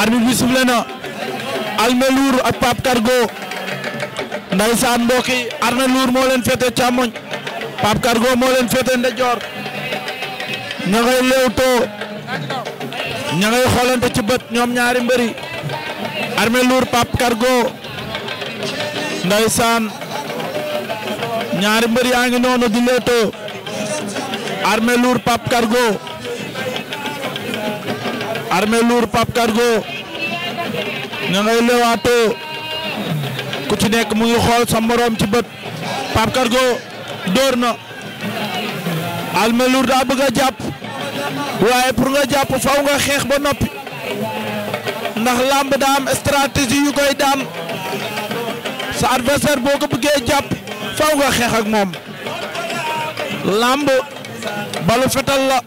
arbitre bi sifflé na Armé Lour ak Cargo ndaysaan mbokk yi Armé Lour moo leen féete càmmoñ Pape Cargo moo leen féete ndeyjoor ña ngay léewtoo ña ngay xoolante ci bët ñoom ñaari mbëri Armé Lour Pape Cargo ndaysaan ñaari mbëri yaa ngi noonu di léewtoo Armé Lour Pape Cargo armée lour Pape Cargo ña ngay leewaatoo ku ci nekk mu ngi xool sa moroom ci bët Pape Cargo dóor na armée lour daa bëgg a jàpp waaye pour nga jàpp faw nga xeex ba noppi ndax làmb daa am stratégie yu koy daam sa adversaire boo ko bëggee jàpp faw nga xeex ak moom làmb balu fetal la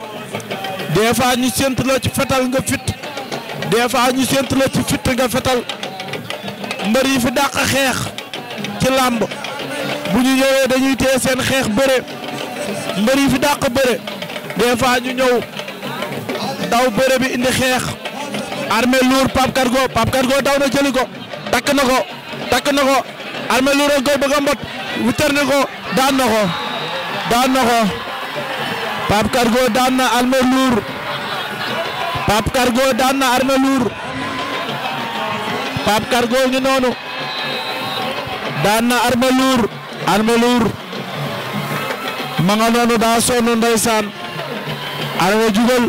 des fois ñu séntu la ci fetal nga fit des fois ñu séntu la ci fit nga fetal mbër yi fi dàq xeex ci làmb bu ñu ñëwee dañuy téye seen xeex bëre mbër yi fi dàq bëre des fois ñu ñëw daw bëre bi indi xeex armé lour Pape Cargo Pape Cargo daw na jëli ko takk na ko takk na ko armé lour a koy bëgg mbot wutar na ko daan na ko daan na ko Pape Cargo daan na Armé Lour Cargo daan na Armé Cargo ngi noonu daan na Armé Lour noonu daa sonn ndeysaan Armé jugal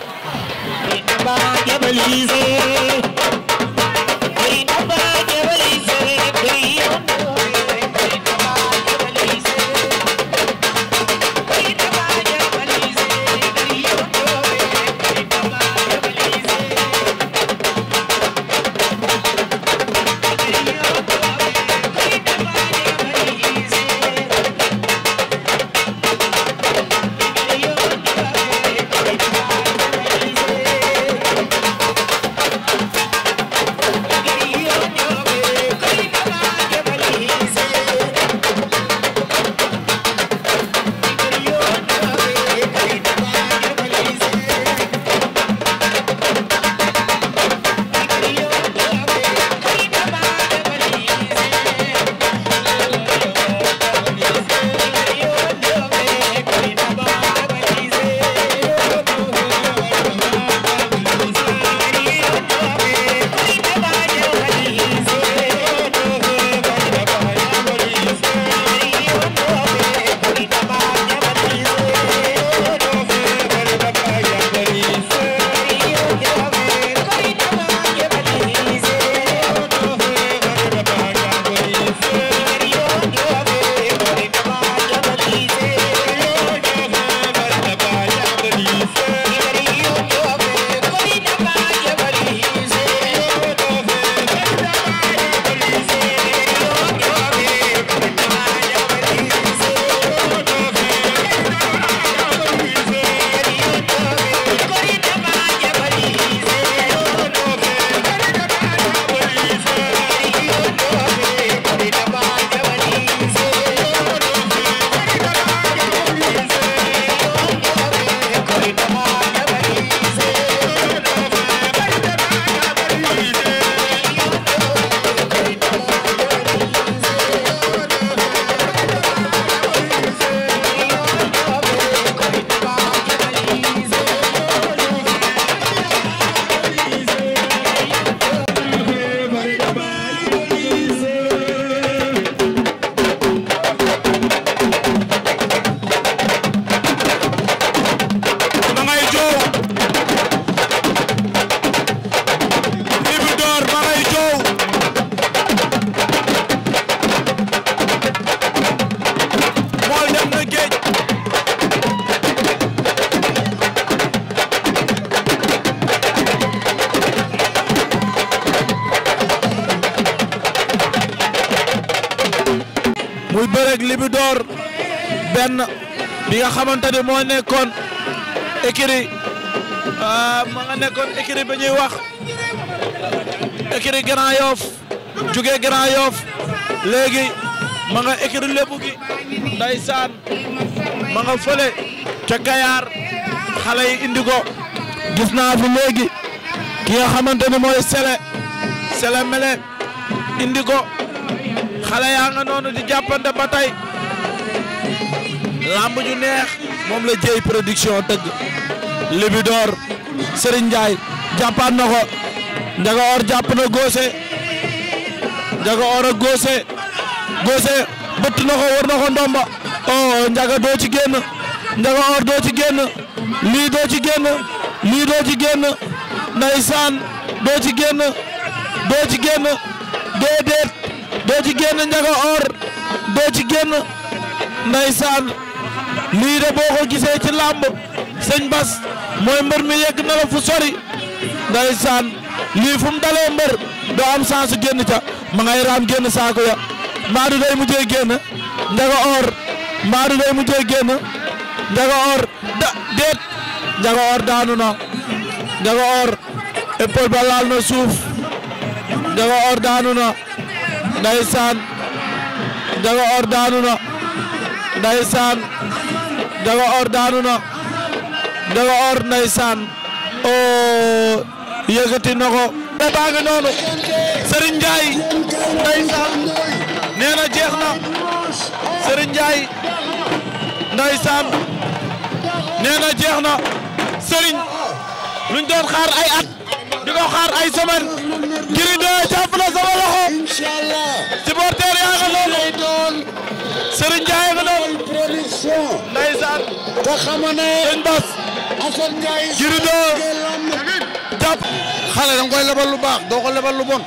nga xamante ni moo nekkoon écurie euh, ma nga nekkoon écurie bi wax écurie Grand Yoff jugee Grand Yoff léegi ma nga écurie lébu gi ndeysaan ma ca Kayar xale yi indi ko gis naa fi léegi ki nga xamante ni mooy sele sele mele indi ko xale yaa noonu di jàppante ba tey lamb ju neex moom la jëy production tëgg Libidor Serigne Ndiaye jàppaat na ko Ndiaga Or jàpp na Gose Ndiaga Or ak Gose Gose bëtt na ko war na ko ndomba oh Ndiaga doo génn Ndiaga Or doo génn lii doo génn lii doo génn ndeysaan doo génn doo ci génn génn Ndiaga lii de boo ko gisee ci làmb sëñ Bas mooy mbër mi yegg na la fu sori ndeysaan lii fu mu dalee mbër doo am sens génn ca ma ngay raam génn saako ya mbaadu day mujjee génn njaga or mbaadu day mujjee génn njaga or da déet njaga or daanu na njaga or épaule ba laal na suuf njaga or daanu na ndeysaan njaga or daanu na ndeysaan Ndiaga Or daanu na Ndiaga Or ndeysaan oo yëkkati na ko da baa nga noonu Serigne nee na jeex na Serigne Ndiaye ndeysaan nee na jeex na Serigne luñ doon xaar ay at di xaar ay semaine Gris 2 jàpp na sama loxo supporter yaa nga noonu Serigne Ndiaye nga te xamoon ne a Bas Assane Ndiaye Gris 2 jàpp xale da nga koy lebal lu baax doo ko lebal lu bon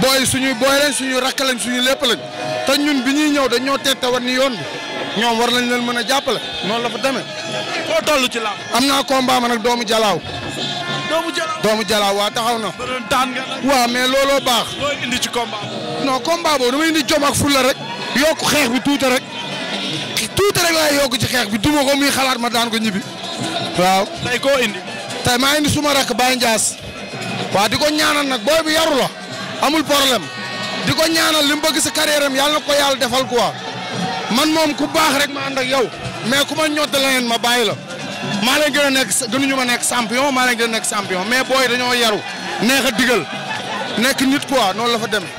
booy suñuy booy lañ suñuy rakk lañ suñuy lépp lañ te ñun bi ñuy ñëw dañoo teg tawat ni yoon bi ñoom war nañ leen mën a jàppale noonu la fa demee foo ci làmb am naa combat ma nag doomu jalaaw doomu jalaaw doomu jalaaw waa taxaw na waaw mais looloo baax looy indi ci combat non combat boobu damay indi jom fulla rek yokk xeex bi tuuta rek rek laay yokk ci xeex bi duma ko muy xalaat ma daan ko ñibbi waaw. ay ko indi. tey maa indi suma rakk Baye Ndiass. waa di ko ñaanal nag booy bi yaru la amul problème di ko ñaanal li mu bëgg si carrière am yàlla na ko yàlla defal quoi man moom ku baax rek ma ànd ak yow mais ku ma ñodd leneen ma bàyyi la maa leen gën a nekk gënuñu ma nekk champion maa leen gën nekk champion mais booy dañoo yaru neex a digal nekk nit quoi noonu la fa demee.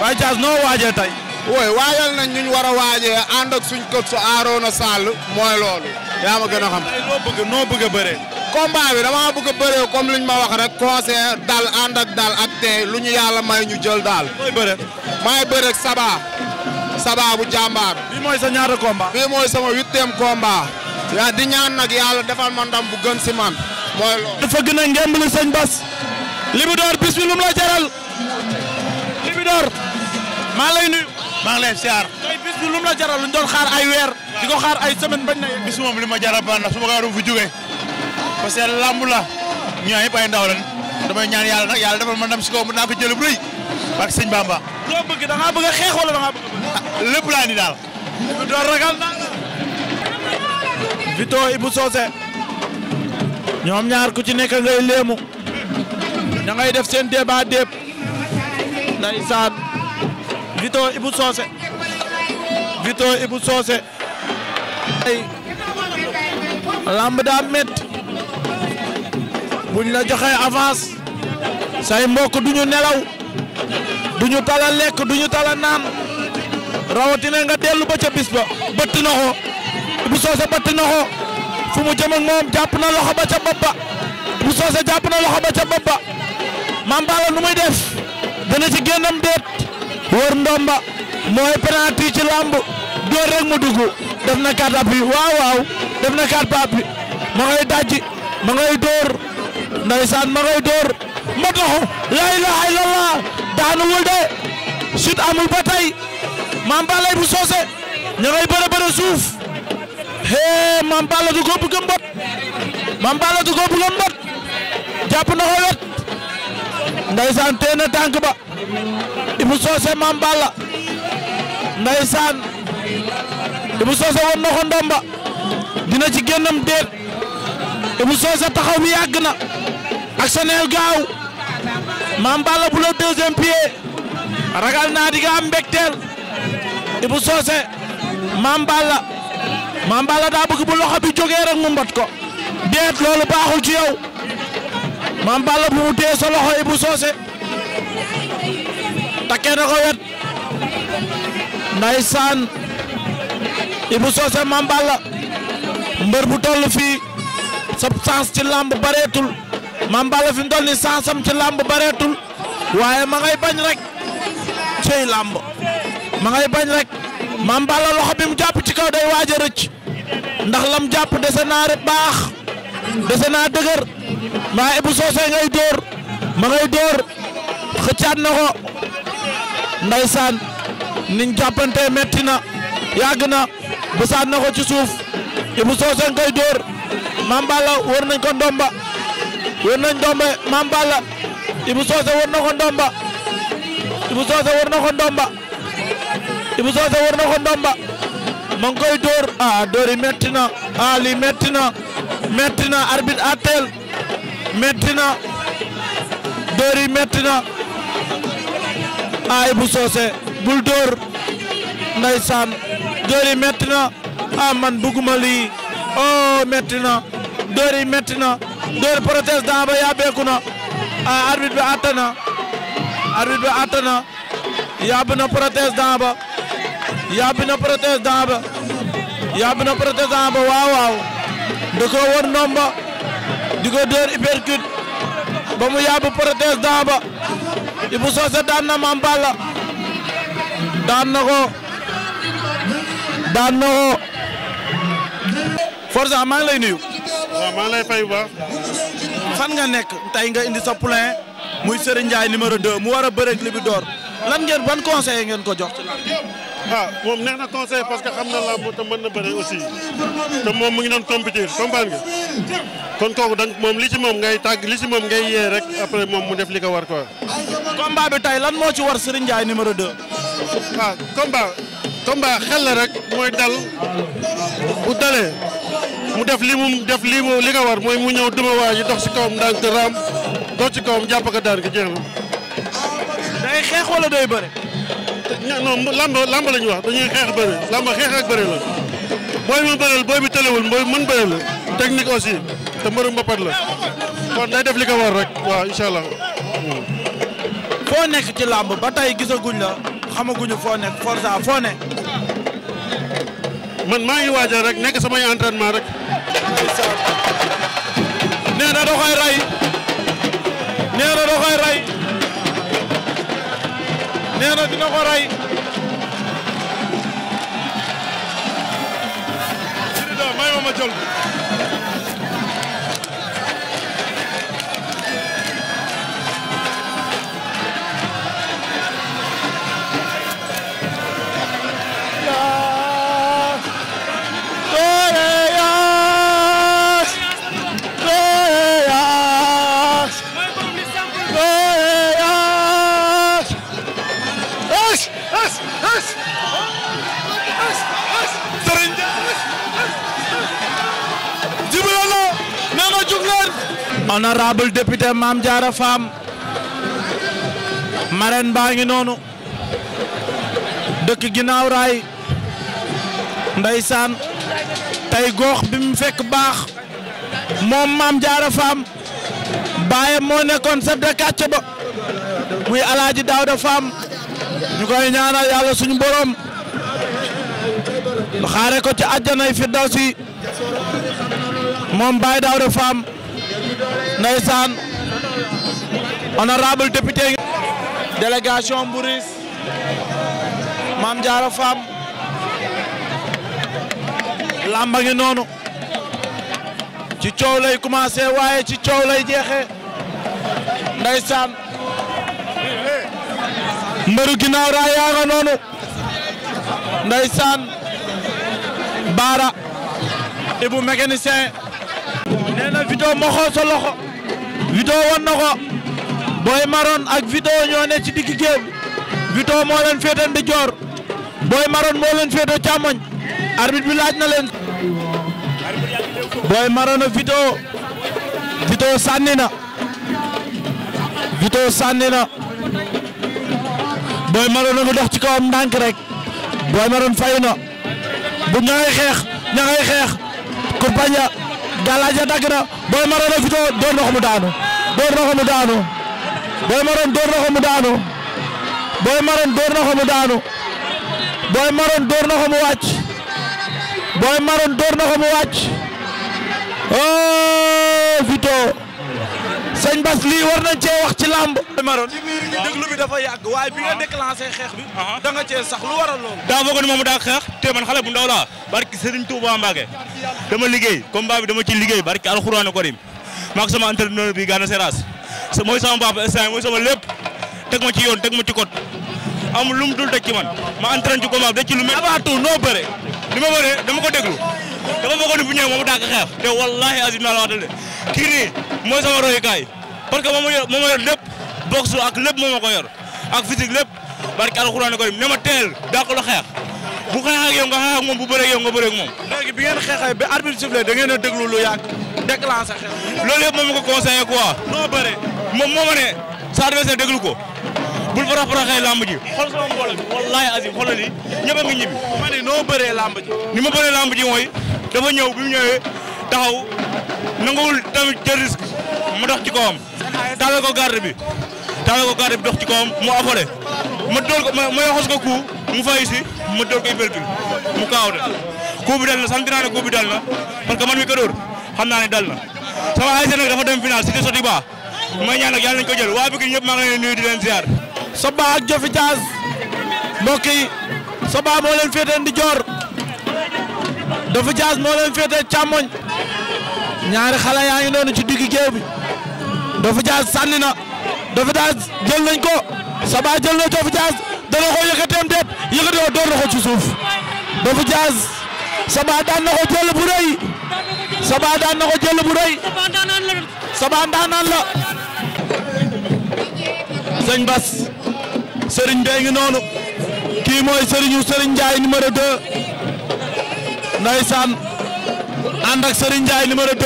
waaye Diaz noo waajee tey. wooy waajal nañ ñu war a waajee ànd ak suñ coach su Arona Sall mooy loolu. yaa ma gën a xam noo bëgg bëgg a bëree. combat bi dama bëgg a bëree comme luñ ma wax rek conseil dal ànd ak dal ak tey lu ñu yàlla may ñu jël daal. mooy bëre. maay bëre ak Sabaa. Sabaa bu jàmbaar. bii mooy sa ñaata combat. bii mooy sama huitième combat. yaa di ñaan nag yàlla defal ma ndam bu gën si man. dafa gën a ngemb li Bas. Libidor bis bi la jaral. Libidor maa lay maa ngi lay siyaar. tey bis bi lu la jaral lu ñu xaar ay weer. di ko xaar ay semaine bañ na bis moom li ma jaral baax na su ma ko waroon fi jógee parce que làmb la ñu ñëpp ay ndaw lañ damay ñaan yàlla nag yàlla defal ma ndam si kaw mën naa ko jëlee bu rëy ak sëñ Bamba. loo bëgg da ngaa xeex wala da ngaa bëgg ah, lépp laa ni daal. doon ragal naa la. Vito Ibou ñoom ñaar ku ci nekk ngay ngay def seen débat déeb. ndeysaan. Vito Ibou Socé Vito Ibou Socé ay lamb daa métti buñ la joxee avance say mbokk duñu nelaw duñu tala lekk duñu tala naan rawatina nga dellu ba ca bis ba bëtt na ko Ibou Socé bëtt na ko fu mu jëm moom jàpp na loxo ba ca bopp ba Ibou Socé jàpp na loxo ba ca bopp ba Mame nu muy def dana ci génnam wër ndomba mooy penalty ci lamb door rek mu dugg def na quatre appuis waaw waaw def na quatre appuis ma ngay dajji ma ngay door ndeysaan ma ngay door ma doxu la ilaha illallah daanuwul de sut amul ba tey maam Balla bu soose ña ngay bëre bëre suuf hee maam Balla du ko bëgg mbot maam Balla wet Ndeysaan téye na tànk ba Ibou Socé Mame Balla Ndeysaan Ibou Socé woon na ko ndomba dina ci génnam déet Ibou Socé taxaw bi yàgg na ak gaaw Mame Balla bu la deuxième pied ragal naa di nga am mbégteel Ibou Socé Balla Mame Balla daa bëgg bu loxo bi jógee rek mu mbot ko déet loolu baaxul ci yow. Mame Balla bu mu téye sa loxo Ibou Socé takkee na ko wet ndeysaan Ibou Socé Mame Balla mbër bu toll fii sa chance ci làmb bareetul Mame fi mu toll nii chance am ci làmb bareetul waaye ma ngay bañ rek cey làmb ma ngay bañ rek Mame loxo bi mu jàpp ci kaw day waaj a rëcc ndax lam jàpp dese naa baax dese naa dëgër mbaa Ibou ngay dóor ma ngay dóor xëccaat na ko ndaysaan niñ jàppante metti na yàgg na bësaat na ko ci suuf Ibou Socé ngay dóor Mame Balla wër nañ ko ndomba wër nañ ndomba Mame Balla Ibou wër na ko ndomba Ibou wër na ko ndomba Ibou ko ndomba dóor ah dóor yi metti na ah lii metti na metti na arbitre atteel metti na dóor yi metti na ay bu soose bul dóor ndeysaan dóor yi metti na ah man bëgguma lii oh metti na dóor yi metti na dóor protest daa ba yàbbeeku na ah arbitre bi àtte na arbitre bi àtte na yàbb ko war ndomba di ko dóor uppercut ba mu yàbb prothèse daan ba Ibou Socé daan na Mame Balla daan na ko daan na ko Forza maa ngi lay nuyu waaw maa ngi lay fay bu fan nga nekk tey nga indi sa poulain muy Serigne Ndiaye numéro 2 mu war a bëreeg Libidor lan ngeen ban conseil ngeen ko jox ah moom neex na conseil parce que xam na làmb te mën na bëre aussi te moom mu ngi doon compétir comprendre nga kon kooku dang moom li ci moom ngay tàgg li si moom ngay yee rek après moom mu def li ko war quoi. combat bi tey lan moo ci war Serigne Ndiaye numéro 2. ah combat combat xel la rek mooy dal bu dalee mu def li mu def lii mu li ko war mooy mu ñëw duma waa ji dox ci kawam ndànk raam dox ci kawam jàpp ko daan ko jeex na. day xeex wala day bëre. non lamb lamb la ñu wax dañuy xeex bëri lamb xeex ak bëri la booy ma bëreel booy bi tëlewul booy mën bëri la technique aussi te mbëru mbapat la kon day def li ko war rek waa incha allah. foo nekk ci lamb ba tey gisaguñ la xamaguñu foo nekk Forza foo ne. man maa ngi waajal rek nekk samay entraînement rek. nee na da koy rey nee na dina ko rey. Sirida may ma ma jël. honorable député Mame Diarra Fam marraine baa ngi noonu dëkk ginnaaw raay ndeysaan tey goox bi mu fekk baax moom Mame Diarra Fam baayam moo nekkoon chef de quartier ba muy Alaaji Daawda Fam ñu koy ñaanal yàlla suñu borom xaare ko ci àjjanay firdawsi moom Baay Daawda Fam ndeysaan honorable député délégation Mbouris Mame Diarra Fam lamba ngi noonu ci coow lay commencé waaye ci coow lay jeexe ndeysaan mbëru ginnaaw raa nga noonu ndeysaan baara ibu mécanicien nee na Vito sa loxo. Vito wan na Maroon ak Vito ñoo ci digg géew. Vito moo leen féete ndijoor. Boy Maroon moo leen féete càmmoñ. arbitre bi laaj na leen. Boy Maroon ak Vito. sànni na. Vito sànni na. Boy Maroon a dox ci kawam ndànk rek. Boy Maroon fay na. bu ña xeex ña ngay xeex. Kurbaña. galaaj ya dagg na Boy Maron a fitoo door na ko mu daanu door na ko mu daanu Boy Maron door na daanu Boy Maron door na ko mu daanu Boy Maron door na fitoo sëñ Bas lii war nañ cee wax ci làmb. maroon déglu bi dafa yàgg bi nga déclenché xeex bi. da nga cee sax lu waral loolu. daa foogoon moom daa xeex te man xale bu ndaw laa barki Serigne Touba Mbacke dama liggéey combat bi dama ci liggéey barki alxuraanu karim maak sama entraîneur bi Gana Seras mooy sama papa instant mooy sama lépp teg ma ci yoon teg ma ci code amul lu mu dul teg ci man ma entraîné ci combat bi da ci lu mel. abaatu noo bëre li ma bëree dama ko déglu. dafa foogoon ne bu ñëwee moom dàq xeex te wallaahi azim naa la waxtal de kii nii mooy sama royukaay parce que moom moo yor moom moo yor lépp boxe ak lépp moom moo ko ak physique lépp barki alxuraan ko ne ma teel dàqul xeex bu xeex ak yow nga moom bu bëree ak yow nga moom. léegi bi ngeen xeexee ba arbitre sifflé da ngeen a déglu lu yàgg déclenché xeex. loolu yëpp moom mi ko conseillé quoi. noo bëree moom moo ma ne sa adversaire déglu ko. bul farax faraxee làmb a ngi ñibbi. dafa ñëw bu mu ñëwee taxaw nanguwul tamit jël risque mu dox ci kawam taalal ko garde bi taalal ko garde bi dox ci kawam mu affolé ma dool ko ma yoxos ko coup mu fay ma dool ko hypercule mu kaaw de coup bi dal na sant naa dal na parce que man mi ko xam naa ne dal na sama ASC nag dafa dem final si te soti ba ñaan nag yàlla nañu ko jël waa Pikine ñëpp maa ngi leen nuyu di leen ziar Soba ak Jofi Diaz mbokk moo leen féeteen di joor Doffou Diaz moo leen féete ñaari xale yaa ngi noonu ci diggi géew bi Doffou Diaz sànni na Doffou Diaz jël nañ ko Saba jël na Doffou Diaz dana ko yëkkateem déet yëkkatee door na ko ci suuf Doffou Diaz Saba daan na ko jël bu rëy Saba daan na ko jël bu rëy Saba ndaanaan la sëñ Bas Serigne bee ngi noonu kii mooy Serigne Serigne Ndiaye numéro 2. ndeysaan ànd ak Serigne Ndiaye numéro 2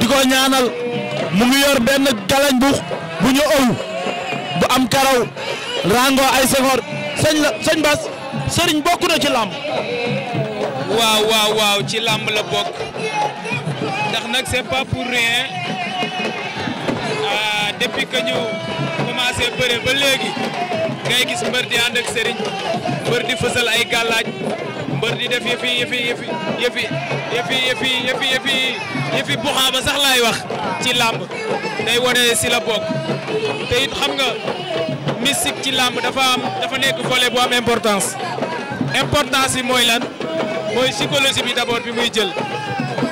di ko ñaanal mu ngi yor benn galañ bu ñu ëw bu am karaw rango ay sengoor sëñ la sëñ Bass Serigne bokk na ci làmb waaw waaw waaw ci làmb la bokk ndax nag c'est pas pour rien ah depuis ba léegi ngay gis mbër di ànd ak Serigne mbër fësal ay gàllaaj mbër di def yëfi yëfi yëfi yëfi yëfi yëfi yëfi buxaaba sax lay wax ci làmb day wane si la bokk te it xam nga mystique ci làmb dafa am dafa nekk volet bu am importance importance yi mooy lan mooy psychologie bi d'abord bi muy jël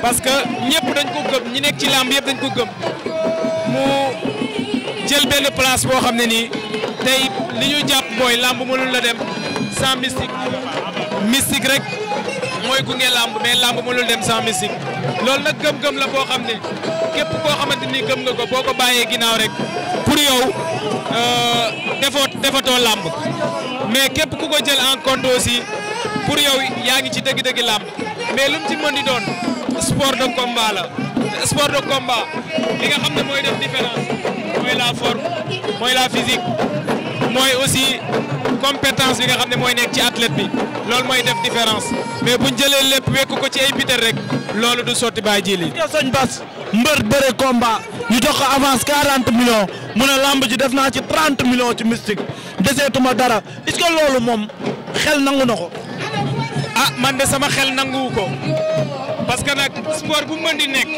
parce que ñëpp dañ ko gëm ñi nekk ci làmb yëpp dañ ko gëm mu jël benn place boo xam ne nii tey li ñu jàpp mooy làmb mënul la dem sans mystique mystique rek mooy gunge làmb mais làmb mënul dem sans mystique loolu nag gëm-gëm la boo xam ne képp koo xamante ni gëm nga ko boo ko bàyyee ginnaaw rek pour yow euh, defoo defatoo làmb mais képp ku ko jël en compte aussi pour yow yaa ngi ci dëgg-dëgg làmb mais lu mu ci mën di doon sport de combat la sport de combat mooy la forme mooy la physique. mooy aussi compétence bi nga xam ne mooy nekk ci athlète bi loolu mooy def différence mais buñ jëlee lépp wekk ko ci ay bitel rek loolu du sotti baa ji lii. soñ bas mbër bëre combat ñu jox ko avance 40 millions mu ne lamb ji def naa ci 30 millions ci mystique deseetuma dara est-ce que loolu moom xel nangu na ko. ah man de sama xel nanguwu ko parce que nag sport bu mën di nekk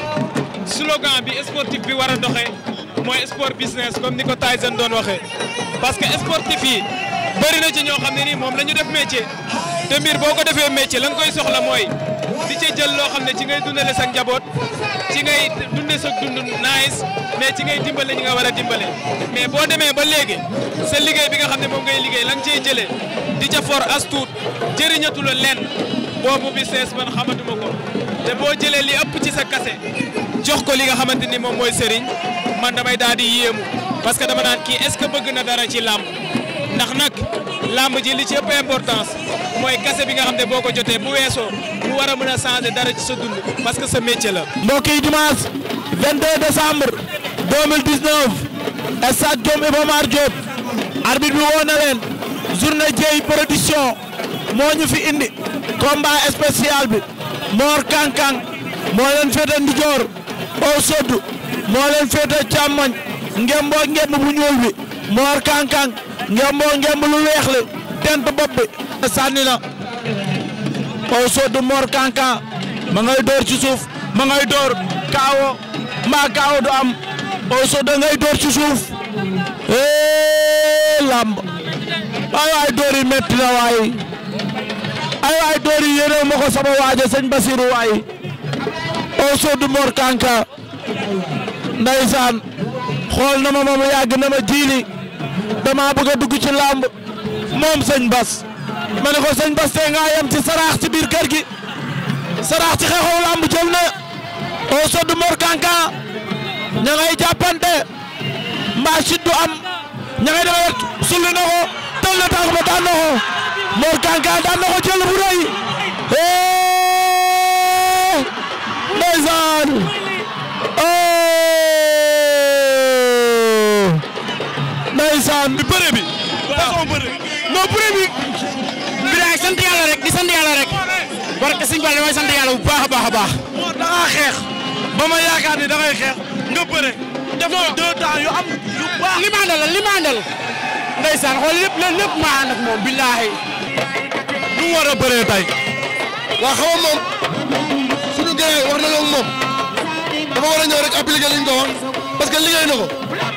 slogan bi sportif bi war a mooy sport business comme ni ko Tyson doon waxee parce que sportif yi bëri na ci ñoo xam ne nii moom la ñu def métier te mbir boo ko defee métier la nga koy soxla mooy di ci jël loo xam ne ci ngay dundale sa njaboot ci ngay dunde sa dund nice mais ci ngay dimbale ñi nga war a dimbale mais boo demee ba léegi sa liggéey bi nga xam ne moom ngay liggéey la nga ciy jëlee di ca for as tuut jëriñatu la lenn boobu bi sees man xamatuma ko te boo jëlee li ëpp ci sa kase jox ko li nga xamante ni moom mooy sëriñ man damay daal di yéemu parce que dama naan kii est-ce que bëgg na dara ci làmb ndax nag làmb ji li ci ëpp importance mooy kase bi nga xam ne boo ko jotee bu weesoo mu war a mën a changer dara ci sa dund parce que sa métier la. mbokk yi dimanche 22 décembre 2019 stade Diom Iba Mar Diop arbitre bi woo na leen journée Dieye production moo ñu fi indi. combat spécial bi Mor Kang Kang moo leen féete ndijoor Aw Soddu moo leen féete càmmoñ ngemboo ngemb bu ñuul bi Mor Kang Kang ngemboo ngemb lu weex li tent bopp bi sànni na Aw Soddu Mor Kang Kang ma ngay door ci suuf ma ngay door kaawo mbaa kaawo du am Aw Soddu ngay door ci suuf ee lamb ay ay door yi metti na waay ay waay door yi yéene ko sama waajo sëñ Basiru waay au sud du Mor Kanka xool na ma ma yàgg na ma jiili dama bëgg a ci làmb moom sëñ Bas ma ko sëñ Bas tey ngaa yem ci saraax ci biir kër gi saraax ci xeexoo làmb jël na au sud du Mor Kanka jàppante mbaa chute am ña ngay def na ko tël na tànk ba daan na ko Mor Kang Kang daan na ko jël bu rëy eh ndeysaan oh ndeysaan bi bëre bi façon bëre non bëre bi bilaay sant yàlla rek di sant yàlla rek barke Sëñ Bal damay sant yàlla bu baax a baax a baax moo da nga xeex ba ma yaakaar ni da xeex nga bëre def deux temps yu am yu baax li ma àndal la li maa ànd ak moom billahi lu war a bëree tey. waa xaw ma moom suñu gars wax na loolu moom dafa war a ñëw rek appliqué ko parce que liggéey na ko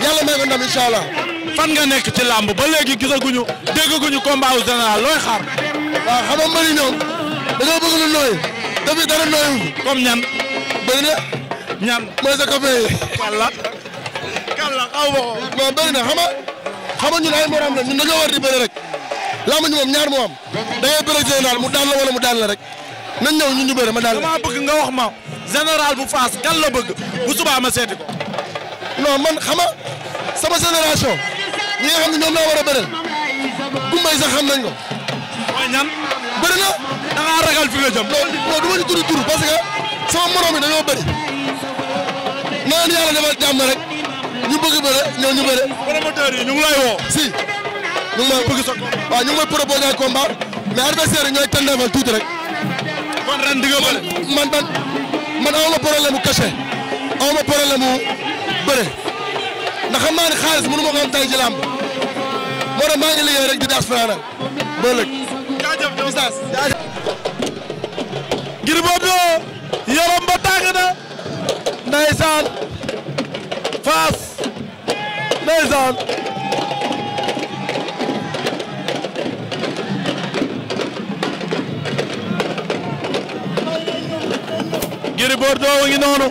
yàlla may ko ndam incha allah. fan nga nekk ci làmb ba léegi gisaguñu déggaguñu combat wu général looy xaar. waaw xam nga mbëri ñoom dañoo bëgg lu nooy dafay dara nooyul. comme ñan. bëri na. ñan mooy sa copain walla. kan la xaw ma ko. non bëri na ñun ay morom la ñun dañoo war di bëri rek. laamu ñu moom ñaar moo am da ngay bëre général mu daan la wala mu daan la rek nañ ñëw ñu ñu bëre ma daal la. damaa bëgg nga wax ma général bu faas kan la bëgg bu subaa ma seeti ko. non man xama sama génération ñi nga xam ne ñoom laa war a bëreel gumbay sax xam nañ ko. mooy ñan bëri na. da ngaa ragal fi nga jëm. non ñu tudd tur parce que sama morom yi dañoo bëri naan yàlla defal jàmm rek ñu bëgg bëre ñu ñu ngi si. ñu ngi may bëgg sa combat waaw ñu ngi may proposé ay combat mais adversaire yi ñooy tuuti rek. man ren di nga mu cachet aw ma problème mu bëre ndax xam xaalis mënu ma ko am tey moo tax maa ngi rek di daas fanaanal ba ëllëg. jaajëf jaajëf jaajëf. ngir ba tàng na. ndeysaan faas ndeysaan. doo ngi noonu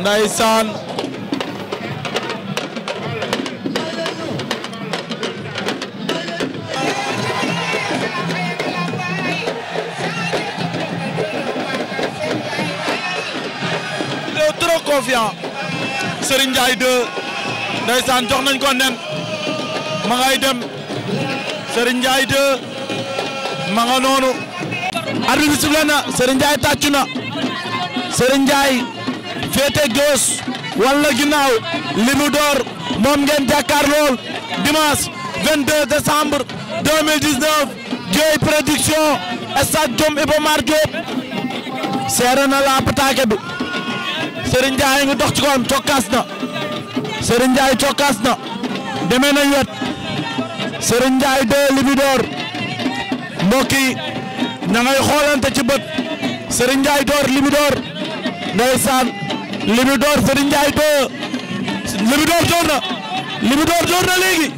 ndeysaan il est trop confiant Serigne Ndiaye jox nañ ko nen dem Serigne Ndiaye 2 ma noonu arbitre bi sifflé na Serigne Ndiaye tàccu na Serigne Ndiaye féete gauche walla ginnaaw moom ngeen jàkkaar lool dimanche 22 décembre 2019 Dieye Production stade Jom seere na la pataake bi Serigne ngi dox ci koom cokkaas na Serigne Ndiaye na demee nañ wet Serigne Ndiaye ña ngay xoolante ci bët Serigne Ndiaye door Libidor ndeysaan Libidor Serigne Ndiaye doo Libidor door na Libidor door na léegi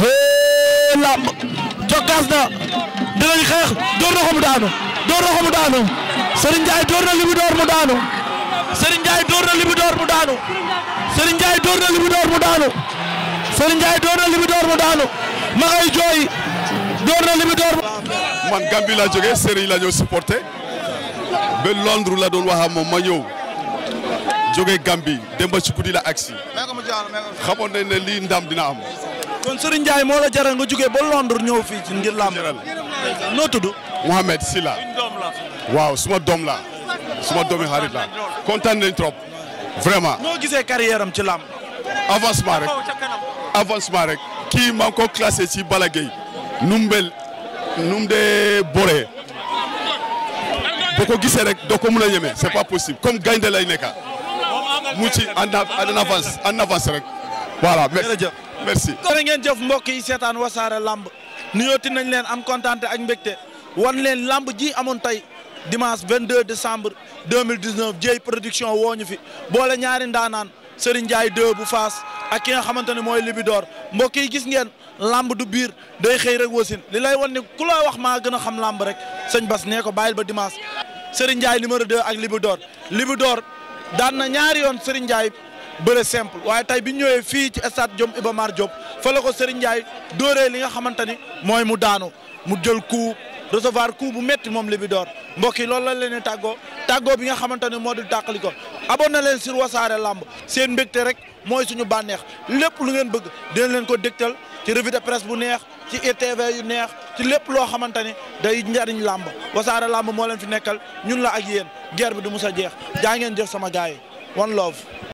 hee lamb jokkaas na dinañ xeex door na ko mu daanu door na ko mu daanu Serigne Ndiaye door na Libidor mu daanu Serigne Ndiaye door na Libidor mu daanu Serigne Ndiaye door na Libidor mu daanu door mu daanu ma ngay jooy door na li mu door. man Gambie laa jógee Serigne laa ñëw supporter ba la doon waxa moom ma ñëw jógee Gambie dem ba ci guddi la agsi xamoon nañ ne lii ndam dina am. kon Serigne Ndiaye moo la jaral nga jógee ba Londres ñëw fii ci ngir làmb. noo tudd. Mohamed Silla. waaw suma doom la suma doomi xarit la kontaan nañ trop vraiment. noo gisee carrière ci làmb. avancement rek rek kii maa ngi ko classé ci Balla Gaye numbel num dee boree boo ko gisee rek doo ko mun a ñeme c'est pas possible comme gaynde lay nekka mu ci en avance en avance rek voilà merci jërë ngeen jëf mbokk yi seetaan wasaare lamb nuyooti nañ leen am kontaan ak mbégte wan leen lamb ji amoon tey dimanche 22 décembre 2019 Dieye production wooñu fi boole ñaari ndaanaan Serigne Ndiaye 2 bu ak ki nga xamante ne mooy Libidor mbokk yi gis ngeen lamb du biir day xëy rek wasin li lay wan ni ku la wax maa gën a xam lamb rek sëñ Bas nee ko bàyyil ba dimanche Serigne Ndiaye numéro 2 ak Libidor Libidor daan na ñaari yoon Serigne Ndiaye bëre simple waaye tey bi ñëwee fii ci stade Jom Iba Mar Diop fa la ko Serigne Ndiaye dóoree li nga xamante ni mooy mu daanu mu jël coup recevoir coup bu métti moom Libidor mbokk yi loolu la leen tàggoo tàggoo bi nga xamante ne moo di tàqali ko abonné leen sur wasaare làmb seen mbégte rek mooy suñu bànneex lépp lu ngeen bëgg dinañ leen ko dégtal ci revue de presse bu neex ci ITV e yu neex ci lépp loo xamante ni day njariñ làmb wasaare làmb moo leen fi nekkal ñun la ak yéen guerre bi du mus a jeex jaa ngeen jëf sama gars yi one love